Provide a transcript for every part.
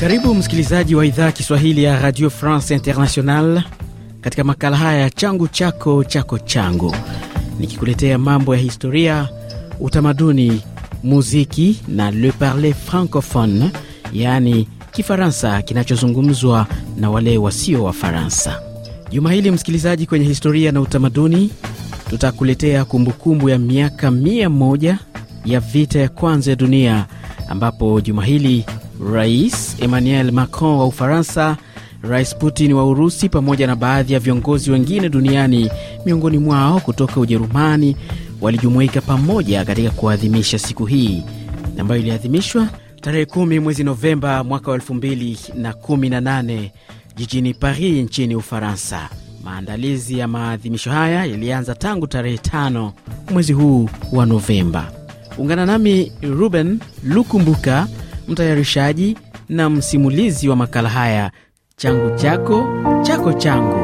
Karibu msikilizaji wa idhaa Kiswahili ya Radio France International katika makala haya ya changu chako chako changu, nikikuletea mambo ya historia, utamaduni, muziki na le parle francophone, yaani Kifaransa kinachozungumzwa na wale wasio wa Faransa. Juma hili msikilizaji, kwenye historia na utamaduni, tutakuletea kumbukumbu ya miaka 1 moja ya vita ya kwanza ya dunia, ambapo juma hili Rais Emmanuel Macron wa Ufaransa, Rais Putin wa Urusi pamoja na baadhi ya viongozi wengine duniani, miongoni mwao kutoka Ujerumani, walijumuika pamoja katika kuadhimisha siku hii ambayo iliadhimishwa tarehe 10 mwezi Novemba mwaka wa 2018 jijini Paris nchini Ufaransa. Maandalizi ya maadhimisho haya yalianza tangu tarehe 5 mwezi huu wa Novemba. Ungana nami Ruben Lukumbuka mtayarishaji na msimulizi wa makala haya, changu chako chako changu.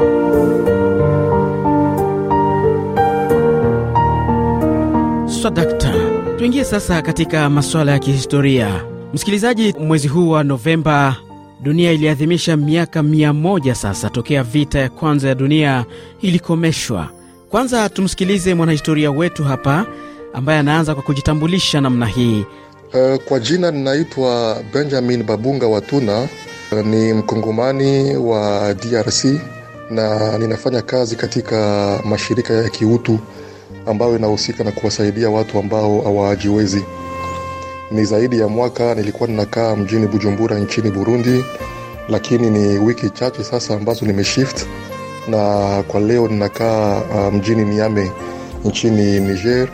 Swadakta, tuingie sasa katika masuala ya kihistoria. Msikilizaji, mwezi huu wa Novemba dunia iliadhimisha miaka mia sasa tokea vita ya kwanza ya dunia ilikomeshwa. Kwanza tumsikilize mwanahistoria wetu hapa ambaye anaanza kwa kujitambulisha namna hii Eh, kwa jina ninaitwa Benjamin Babunga Watuna. ni mkongomani wa DRC na ninafanya kazi katika mashirika ya kiutu ambayo inahusika na kuwasaidia watu ambao hawajiwezi. Ni zaidi ya mwaka nilikuwa ninakaa mjini Bujumbura nchini Burundi, lakini ni wiki chache sasa ambazo nimeshift, na kwa leo ninakaa ah, mjini Niamey nchini Niger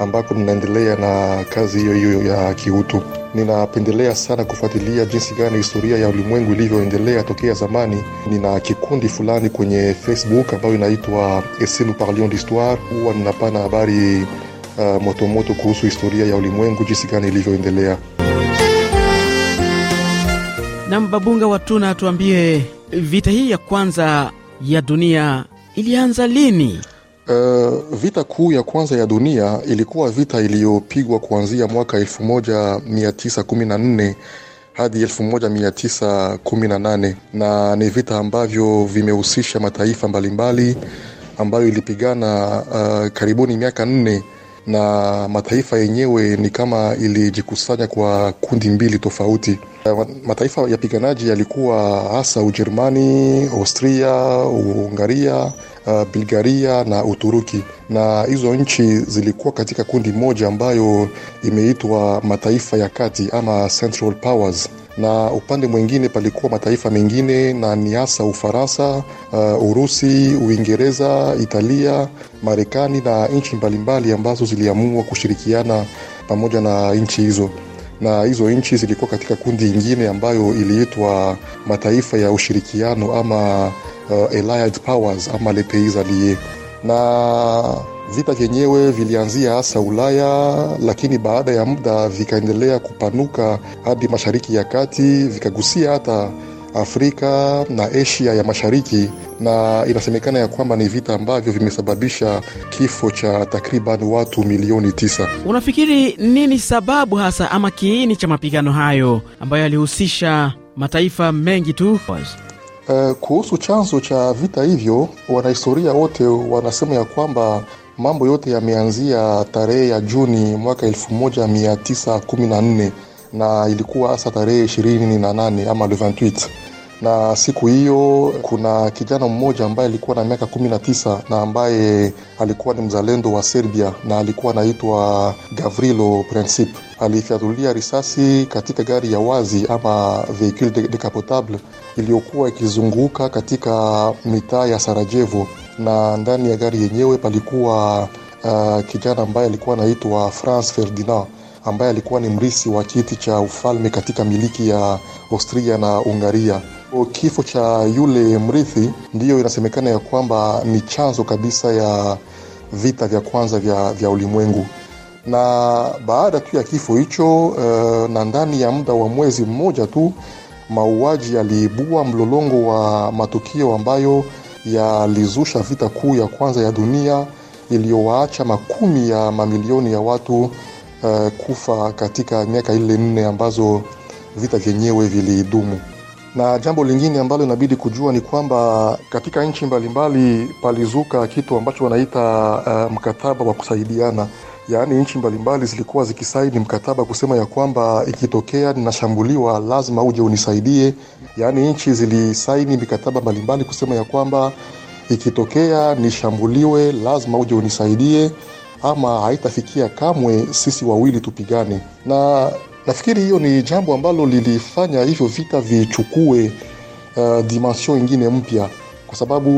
ambako ninaendelea na kazi hiyo hiyo ya kiutu. Ninapendelea sana kufuatilia jinsi gani historia ya ulimwengu ilivyoendelea tokea zamani. Nina kikundi fulani kwenye Facebook ambayo inaitwa Esse Parlion d'histoire. Huwa ninapana habari uh, motomoto kuhusu historia ya ulimwengu, jinsi gani ilivyoendelea. Na mbabunga watuna, tuambie vita hii ya kwanza ya dunia ilianza lini? Uh, vita kuu ya kwanza ya dunia ilikuwa vita iliyopigwa kuanzia mwaka 1914 hadi 1918 na ni vita ambavyo vimehusisha mataifa mbalimbali ambayo ilipigana uh, karibuni miaka nne na mataifa yenyewe ni kama ilijikusanya kwa kundi mbili tofauti Eh, mataifa ya piganaji yalikuwa hasa Ujerumani, Austria, uhungaria uh, eh, Bulgaria na Uturuki, na hizo nchi zilikuwa katika kundi moja ambayo imeitwa mataifa ya kati ama Central Powers na upande mwingine palikuwa mataifa mengine na ni hasa Ufaransa, uh, Urusi, Uingereza, Italia, Marekani na nchi mbalimbali ambazo ziliamua kushirikiana pamoja na nchi hizo na hizo nchi zilikuwa katika kundi ingine ambayo iliitwa mataifa ya ushirikiano ama uh, allied powers ama les na vita vyenyewe vilianzia hasa Ulaya, lakini baada ya muda vikaendelea kupanuka hadi Mashariki ya Kati, vikagusia hata Afrika na Asia ya Mashariki, na inasemekana ya kwamba ni vita ambavyo vimesababisha kifo cha takriban watu milioni tisa. Unafikiri nini sababu hasa ama kiini cha mapigano hayo ambayo yalihusisha mataifa mengi tu? Uh, kuhusu chanzo cha vita hivyo, wanahistoria wote wanasema ya kwamba mambo yote yameanzia tarehe ya Juni mwaka 1914 na ilikuwa hasa tarehe ishirini na nane ama le 28 na siku hiyo kuna kijana mmoja ambaye alikuwa na miaka kumi na tisa na ambaye alikuwa ni mzalendo wa Serbia na alikuwa anaitwa Gavrilo Princip alifyatulia risasi katika gari ya wazi ama vehicule decapotable iliyokuwa ikizunguka katika mitaa ya Sarajevo, na ndani ya gari yenyewe palikuwa uh, kijana ambaye alikuwa anaitwa france Ferdinand ambaye alikuwa ni mrisi wa kiti cha ufalme katika miliki ya Austria na Ungaria. Kifo cha yule mrithi ndiyo inasemekana ya kwamba ni chanzo kabisa ya vita vya kwanza vya, vya ulimwengu na baada tu ya kifo hicho uh, na ndani ya muda wa mwezi mmoja tu mauaji yaliibua mlolongo wa matukio ambayo yalizusha vita kuu ya kwanza ya dunia iliyowaacha makumi ya mamilioni ya watu uh, kufa katika miaka ile nne ambazo vita vyenyewe vilidumu na jambo lingine ambalo inabidi kujua ni kwamba katika nchi mbalimbali palizuka kitu ambacho wanaita uh, mkataba wa kusaidiana yaani nchi mbalimbali zilikuwa zikisaini mkataba kusema ya kwamba ikitokea ninashambuliwa lazima uje unisaidie yaani nchi zilisaini mikataba mbalimbali kusema ya kwamba ikitokea nishambuliwe lazima uje unisaidie ama haitafikia kamwe sisi wawili tupigane na nafikiri hiyo ni jambo ambalo lilifanya hivyo vita vichukue uh, dimension ingine mpya kwa sababu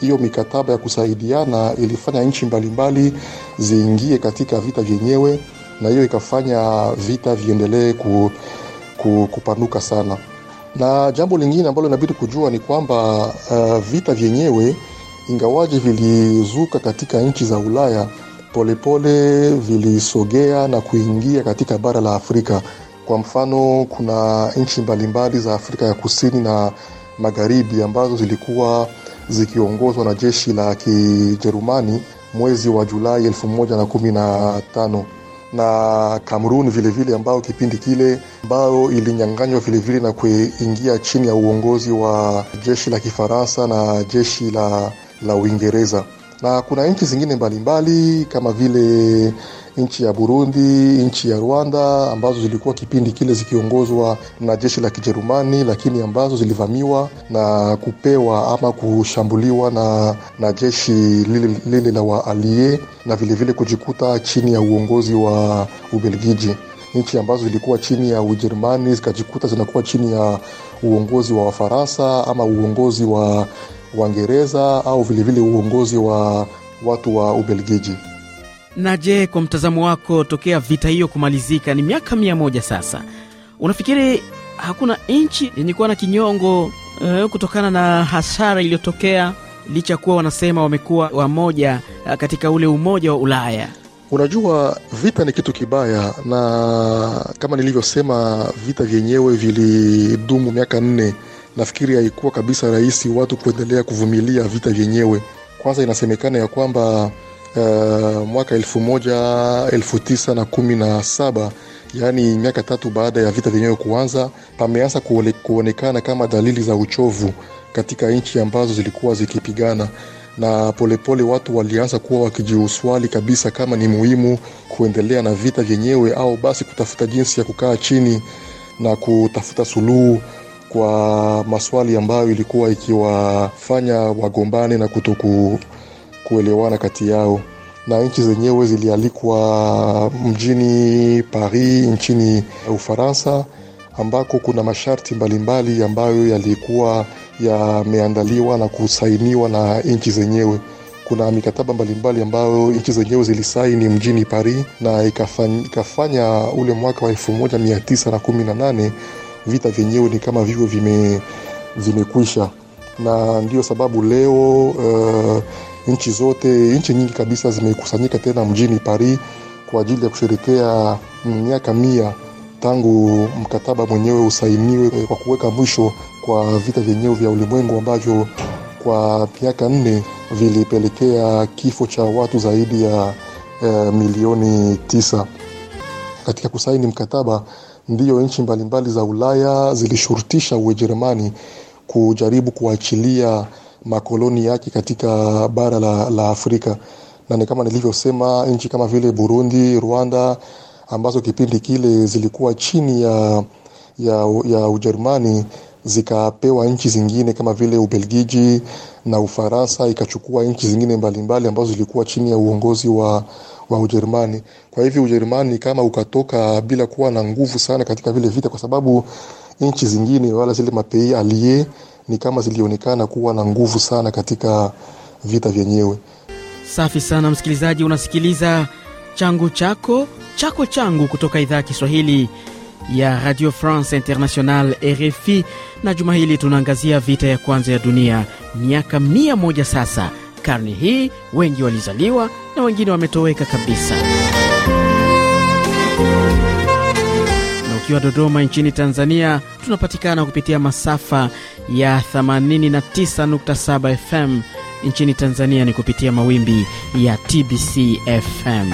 hiyo mikataba ya kusaidiana ilifanya nchi mbalimbali ziingie katika vita vyenyewe na hiyo ikafanya vita viendelee ku, ku, kupanuka sana na jambo lingine ambalo inabidi kujua ni kwamba uh, vita vyenyewe ingawaje vilizuka katika nchi za ulaya polepole vilisogea na kuingia katika bara la Afrika. Kwa mfano, kuna nchi mbalimbali za Afrika ya kusini na magharibi ambazo zilikuwa zikiongozwa na jeshi la Kijerumani mwezi wa Julai 115 na Kamerun vilevile, ambayo kipindi kile ambayo ilinyanganywa vilevile na kuingia chini ya uongozi wa jeshi la Kifaransa na jeshi la, la Uingereza na kuna nchi zingine mbalimbali mbali, kama vile nchi ya Burundi, nchi ya Rwanda ambazo zilikuwa kipindi kile zikiongozwa na jeshi la Kijerumani, lakini ambazo zilivamiwa na kupewa ama kushambuliwa na, na jeshi lile, lile la waalie na vilevile vile kujikuta chini ya uongozi wa Ubelgiji. Nchi ambazo zilikuwa chini ya Ujerumani zikajikuta zinakuwa chini ya uongozi wa Wafaransa ama uongozi wa Waingereza au vilevile vile uongozi wa watu wa Ubelgiji. Na je, kwa mtazamo wako, tokea vita hiyo kumalizika, ni miaka mia moja sasa, unafikiri hakuna nchi yenye kuwa na kinyongo uh, kutokana na hasara iliyotokea licha kuwa wanasema wamekuwa wamoja eh, katika ule umoja wa Ulaya? Unajua, vita ni kitu kibaya, na kama nilivyosema, vita vyenyewe vilidumu miaka nne nafikiri haikuwa kabisa rahisi watu kuendelea kuvumilia vita vyenyewe. Kwanza inasemekana ya kwamba uh, mwaka elfu moja elfu tisa na kumi na saba yaani miaka tatu baada ya vita vyenyewe kuanza, pameanza kuonekana kama dalili za uchovu katika nchi ambazo zilikuwa zikipigana na polepole pole watu walianza kuwa wakijiuswali kabisa kama ni muhimu kuendelea na vita vyenyewe au basi kutafuta jinsi ya kukaa chini na kutafuta suluhu kwa maswali ambayo ilikuwa ikiwafanya wagombane na kuto kuelewana kati yao na nchi zenyewe zilialikwa mjini paris nchini ufaransa ambako kuna masharti mbalimbali mbali ambayo yalikuwa yameandaliwa na kusainiwa na nchi zenyewe kuna mikataba mbalimbali ambayo nchi zenyewe zilisaini mjini paris na ikafanya, ikafanya ule mwaka wa 1918 vita vyenyewe ni kama vivyo vime, vimekwisha na ndio sababu leo uh, nchi zote nchi nyingi kabisa zimekusanyika tena mjini paris kwa ajili ya kusherekea mm, miaka mia tangu mkataba mwenyewe usainiwe kwa eh, kuweka mwisho kwa vita vyenyewe vya ulimwengu ambavyo kwa miaka nne vilipelekea kifo cha watu zaidi ya eh, milioni tisa katika kusaini mkataba ndiyo nchi mbalimbali za ulaya zilishurutisha ujerumani kujaribu kuachilia makoloni yake katika bara la, la afrika na ni kama nilivyosema nchi kama vile burundi rwanda ambazo kipindi kile zilikuwa chini ya ya, ya ujerumani zikapewa nchi zingine kama vile Ubelgiji na Ufaransa, ikachukua nchi zingine mbalimbali mbali, ambazo zilikuwa chini ya uongozi wa wa Ujerumani. Kwa hivyo Ujerumani kama ukatoka bila kuwa na nguvu sana katika vile vita, kwa sababu nchi zingine wala zile mapei alie ni kama zilionekana kuwa na nguvu sana katika vita vyenyewe. Safi sana msikilizaji, unasikiliza changu chako chako changu kutoka idhaa ya Kiswahili ya Radio France International RFI, na juma hili tunaangazia vita ya kwanza ya dunia miaka 1 sasa. Karne hii wengi walizaliwa na wengine wametoweka kabisa. Na ukiwa Dodoma nchini Tanzania, tunapatikana kupitia masafa ya 89.7 FM. Nchini Tanzania ni kupitia mawimbi ya TBC FM.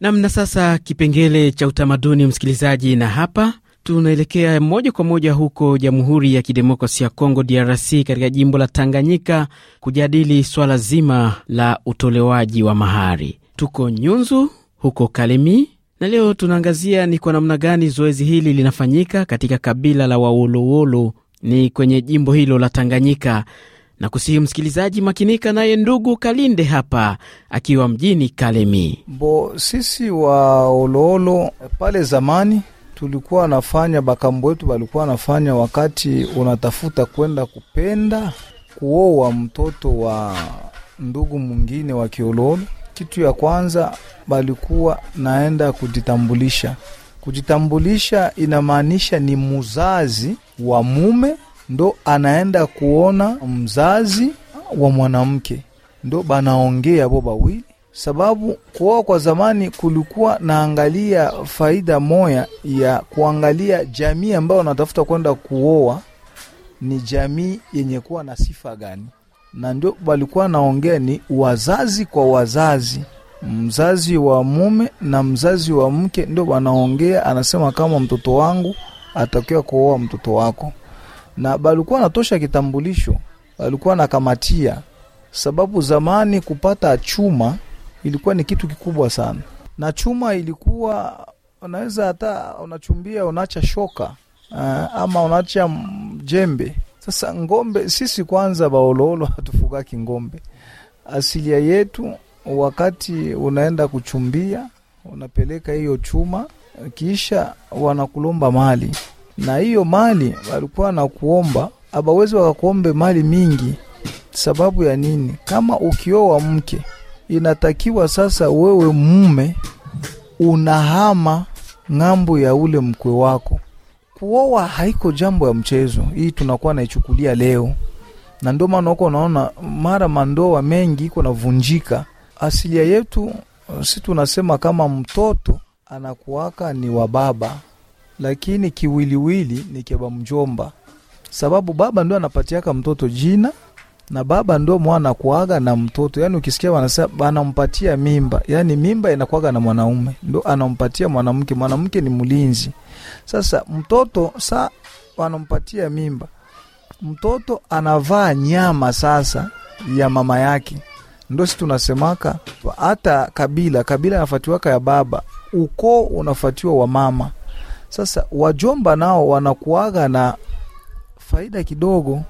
namna. Sasa kipengele cha utamaduni, msikilizaji, na hapa tunaelekea moja kwa moja huko Jamhuri ya Kidemokrasi ya Kongo, DRC, katika jimbo la Tanganyika kujadili swala zima la utolewaji wa mahari. Tuko Nyunzu huko Kalemi, na leo tunaangazia ni kwa namna gani zoezi hili linafanyika katika kabila la Wawolowolo, ni kwenye jimbo hilo la Tanganyika na kusihi msikilizaji makinika naye ndugu Kalinde hapa akiwa mjini Kalemi. Bo, sisi wa Oloolo pale zamani tulikuwa anafanya bakambo wetu balikuwa anafanya wakati unatafuta kwenda kupenda kuoa mtoto wa ndugu mwingine wa Kiololo, kitu ya kwanza balikuwa naenda kujitambulisha. Kujitambulisha inamaanisha ni muzazi wa mume ndo anaenda kuona mzazi wa mwanamke, ndo banaongea bo bawili, sababu kuoa kwa zamani kulikuwa naangalia faida moya ya kuangalia jamii ambayo natafuta kwenda kuoa ni jamii yenye kuwa na sifa gani, na ndio walikuwa naongea ni wazazi kwa wazazi mzazi wa mume na mzazi wa mke ndio wanaongea, anasema kama mtoto wangu atakiwa kuoa mtoto wako na balikuwa natosha kitambulisho, balikuwa nakamatia, sababu zamani kupata chuma ilikuwa ni kitu kikubwa sana, na chuma ilikuwa unaweza hata unachumbia unacha shoka uh, ama unacha jembe. Sasa ngombe, sisi kwanza baololo hatufugaki ngombe, asilia yetu. Wakati unaenda kuchumbia, unapeleka hiyo chuma, kisha wanakulomba mali na hiyo mali walikuwa na kuomba, abawezi wakakuombe mali mingi. Sababu ya nini? Kama ukioa mke, inatakiwa sasa wewe mume unahama ng'ambo ya ule mkwe wako. Kuoa haiko jambo ya mchezo, hii tunakuwa naichukulia leo, na ndio maana huko unaona mara mandoa mengi iko navunjika. Asilia yetu si tunasema kama mtoto anakuwaka ni wa baba lakini kiwiliwili ni kiba mjomba, sababu baba ndo anapatiaka mtoto jina na baba ndo mwana kuaga na mtoto. Yani ukisikia wanasema anampatia mimba, yani mimba inakuaga na mwanaume ndo anampatia mwanamke. Mwanamke ni mlinzi. Sasa mtoto sa wanampatia mimba, mtoto anavaa nyama sasa ya mama yake. Ndo si tunasemaka hata kabila kabila nafatiwaka ya baba, ukoo unafatiwa wa mama sasa wajomba nao wanakuaga na faida kidogo,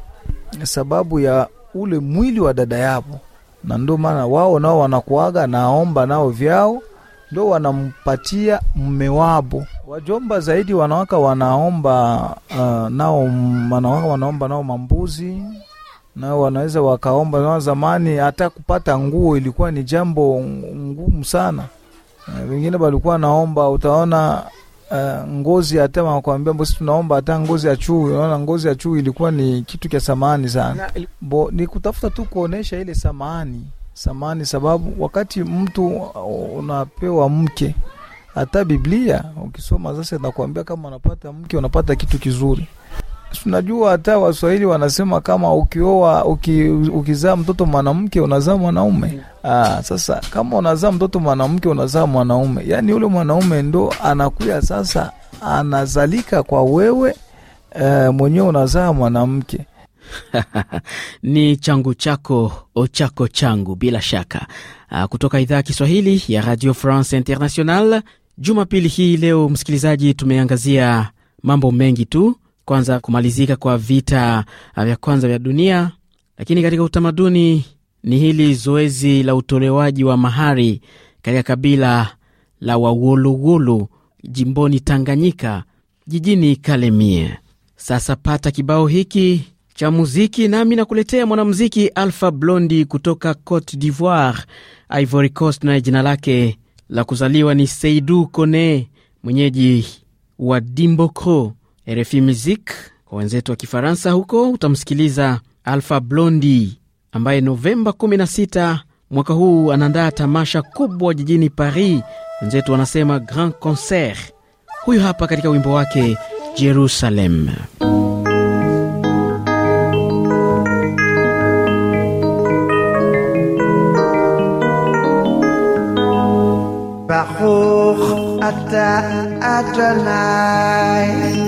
sababu ya ule mwili wa dada yapo na ndio maana wao nao wanakuaga naomba nao vyao ndo wanampatia mme wabo. Wajomba zaidi wanawaka wanaomba uh, nao wanawaka wanaomba nao mambuzi nao wanaweza wakaomba nao. Zamani hata kupata nguo ilikuwa ni jambo ngumu sana. Uh, wengine walikuwa naomba, utaona uh, ngozi hata wakwambia bosi tunaomba hata ngozi ya chui. Unaona, ngozi ya chui ilikuwa ni kitu cha samani sana, bo ni kutafuta tu kuonesha ile samani samani, sababu wakati mtu uh, unapewa mke, hata Biblia ukisoma sasa nakwambia kama unapata mke unapata kitu kizuri. Tunajua hata Waswahili wanasema kama ukioa uki, ukizaa mtoto mwanamke unazaa mwanaume. Mm. Ah, sasa kama unazaa mtoto mwanamke unazaa mwanaume, yaani yule mwanaume ndo anakuya sasa anazalika kwa wewe e, mwenyewe unazaa mwanamke. Ni changu chako ochako changu, bila shaka ah, kutoka idhaa ya Kiswahili ya Radio France International. Jumapili hii leo, msikilizaji, tumeangazia mambo mengi tu kwanza kumalizika kwa vita uh, vya kwanza vya dunia, lakini katika utamaduni ni hili zoezi la utolewaji wa mahari katika kabila la Wawolowolo jimboni Tanganyika, jijini Kalemie. Sasa pata kibao hiki cha muziki, nami nakuletea mwanamuziki Alpha Blondi kutoka Cote d'Ivoire, Ivory Coast, naye jina lake la kuzaliwa ni seidu Kone, mwenyeji wa dimbocro RFI Music kwa wenzetu wa Kifaransa huko utamsikiliza Alpha Blondi ambaye Novemba 16 mwaka huu anaandaa tamasha kubwa jijini Paris, wenzetu wanasema grand concert. Huyu hapa katika wimbo wake Jerusalem. Baruch ata Adonai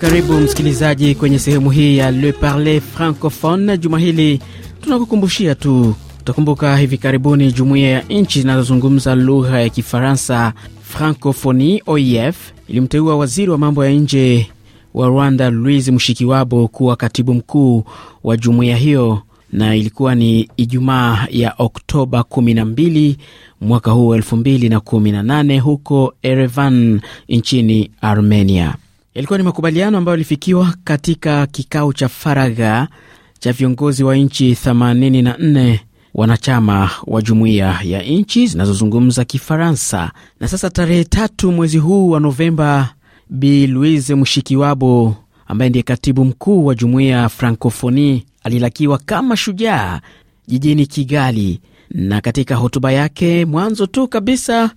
Karibu msikilizaji kwenye sehemu hii ya Le parle Francophone. Juma hili tunakukumbushia tu, utakumbuka hivi karibuni jumuiya ya nchi zinazozungumza lugha ya Kifaransa, Francophonie, OIF, ilimteua waziri wa mambo ya nje wa Rwanda louis mshikiwabo kuwa katibu mkuu wa jumuiya hiyo, na ilikuwa ni Ijumaa ya Oktoba 12 mwaka huu 218 huko Erevan nchini Armenia. Yalikuwa ni makubaliano ambayo yalifikiwa katika kikao cha faragha cha viongozi wa nchi 84 wanachama wa jumuiya ya nchi zinazozungumza Kifaransa. Na sasa tarehe tatu mwezi huu wa Novemba, b Louise Mushikiwabo ambaye ndiye katibu mkuu wa jumuiya ya Francofoni alilakiwa kama shujaa jijini Kigali, na katika hotuba yake mwanzo tu kabisa,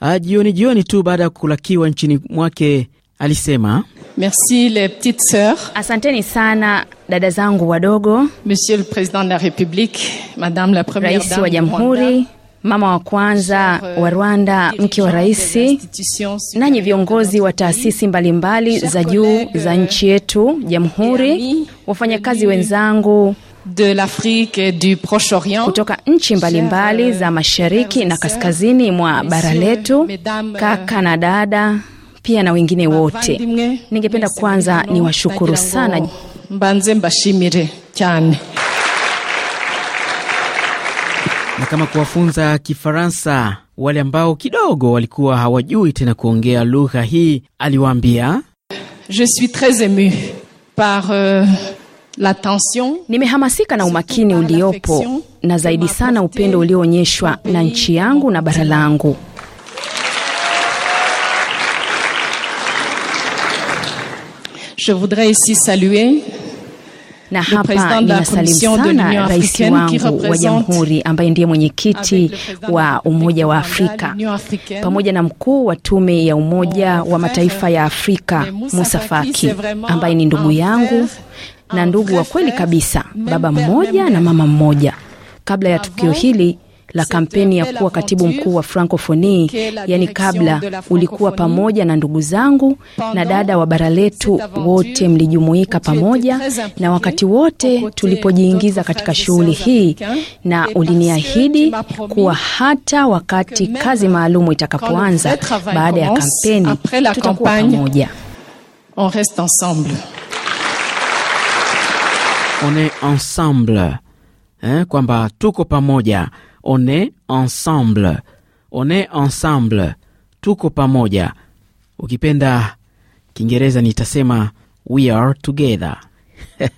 ah, jioni jioni tu baada ya kulakiwa nchini mwake alisema Merci les petites sœurs. Asanteni sana dada zangu wadogo. Monsieur le président de la République, madame la première Raisi dame wa jamhuri mama wa kwanza wa Rwanda, mke wa rais, nanyi viongozi wa taasisi mbalimbali za juu za nchi yetu jamhuri, wafanyakazi wenzangu de l'Afrique et du Proche-Orient kutoka nchi mbalimbali mbali za mashariki na kaskazini mwa bara letu, kaka na dada pia na wengine wote. Ningependa kwanza niwashukuru sana mbanze mbashimire cyane na kama kuwafunza Kifaransa wale ambao kidogo walikuwa hawajui tena kuongea lugha hii, aliwaambia Je suis très emu par uh, nimehamasika na umakini uliopo na zaidi sana upendo ulioonyeshwa na nchi yangu na bara langu. Je voudrais ici saluer na hapa ninasalimu sana rais wangu wa jamhuri ambaye ndiye mwenyekiti wa Umoja wa Afrika pamoja na mkuu wa Tume ya Umoja wa Mataifa ya Afrika Musa Faki ambaye ni ndugu yangu na ndugu wa kweli kabisa, baba mmoja na mama mmoja. Kabla ya tukio hili la kampeni ya kuwa katibu mkuu wa Francophonie, yani kabla ulikuwa pamoja na ndugu zangu na dada wa bara letu, wote mlijumuika pamoja na wakati wote tulipojiingiza katika shughuli hii, na uliniahidi kuwa hata wakati kazi maalumu itakapoanza baada ya kampeni tutakuwa pamoja. On reste ensemble. On est ensemble. Eh, kwamba tuko pamoja on est ensemble, on est ensemble, tuko pamoja. Ukipenda Kiingereza nitasema we are together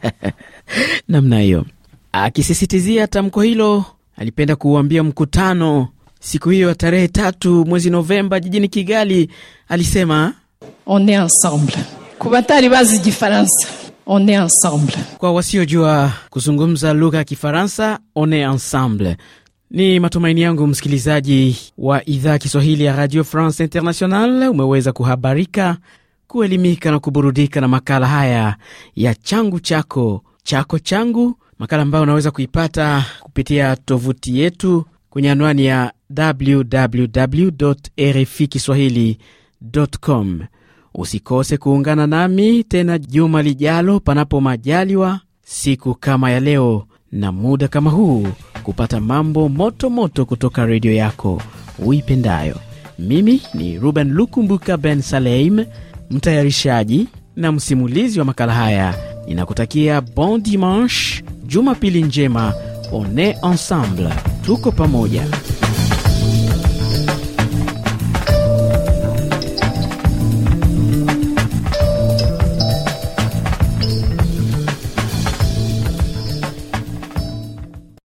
namna hiyo. Akisisitizia tamko hilo, alipenda kuuambia mkutano siku hiyo ya tarehe tatu mwezi Novemba jijini Kigali, alisema on est ensemble kubatari bazi gifaransa on est ensemble. Kwa wasiojua kuzungumza lugha ya Kifaransa, on est ensemble ni matumaini yangu msikilizaji wa idhaa Kiswahili ya Radio France International umeweza kuhabarika, kuelimika na kuburudika na makala haya ya changu chako chako changu, makala ambayo unaweza kuipata kupitia tovuti yetu kwenye anwani ya www RFI Kiswahili.com. Usikose kuungana nami tena juma lijalo, panapo majaliwa, siku kama ya leo na muda kama huu kupata mambo moto moto kutoka redio yako uipendayo. Mimi ni Ruben Lukumbuka Ben Saleim, mtayarishaji na msimulizi wa makala haya. Ninakutakia bon dimanche, jumapili njema. one ensemble, tuko pamoja.